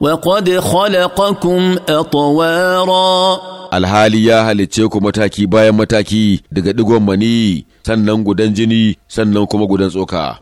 وقد خلقكم أطوارا alhali ya halicce ku mataki bayan mataki daga digon mani sannan gudan jini sannan kuma gudan tsoka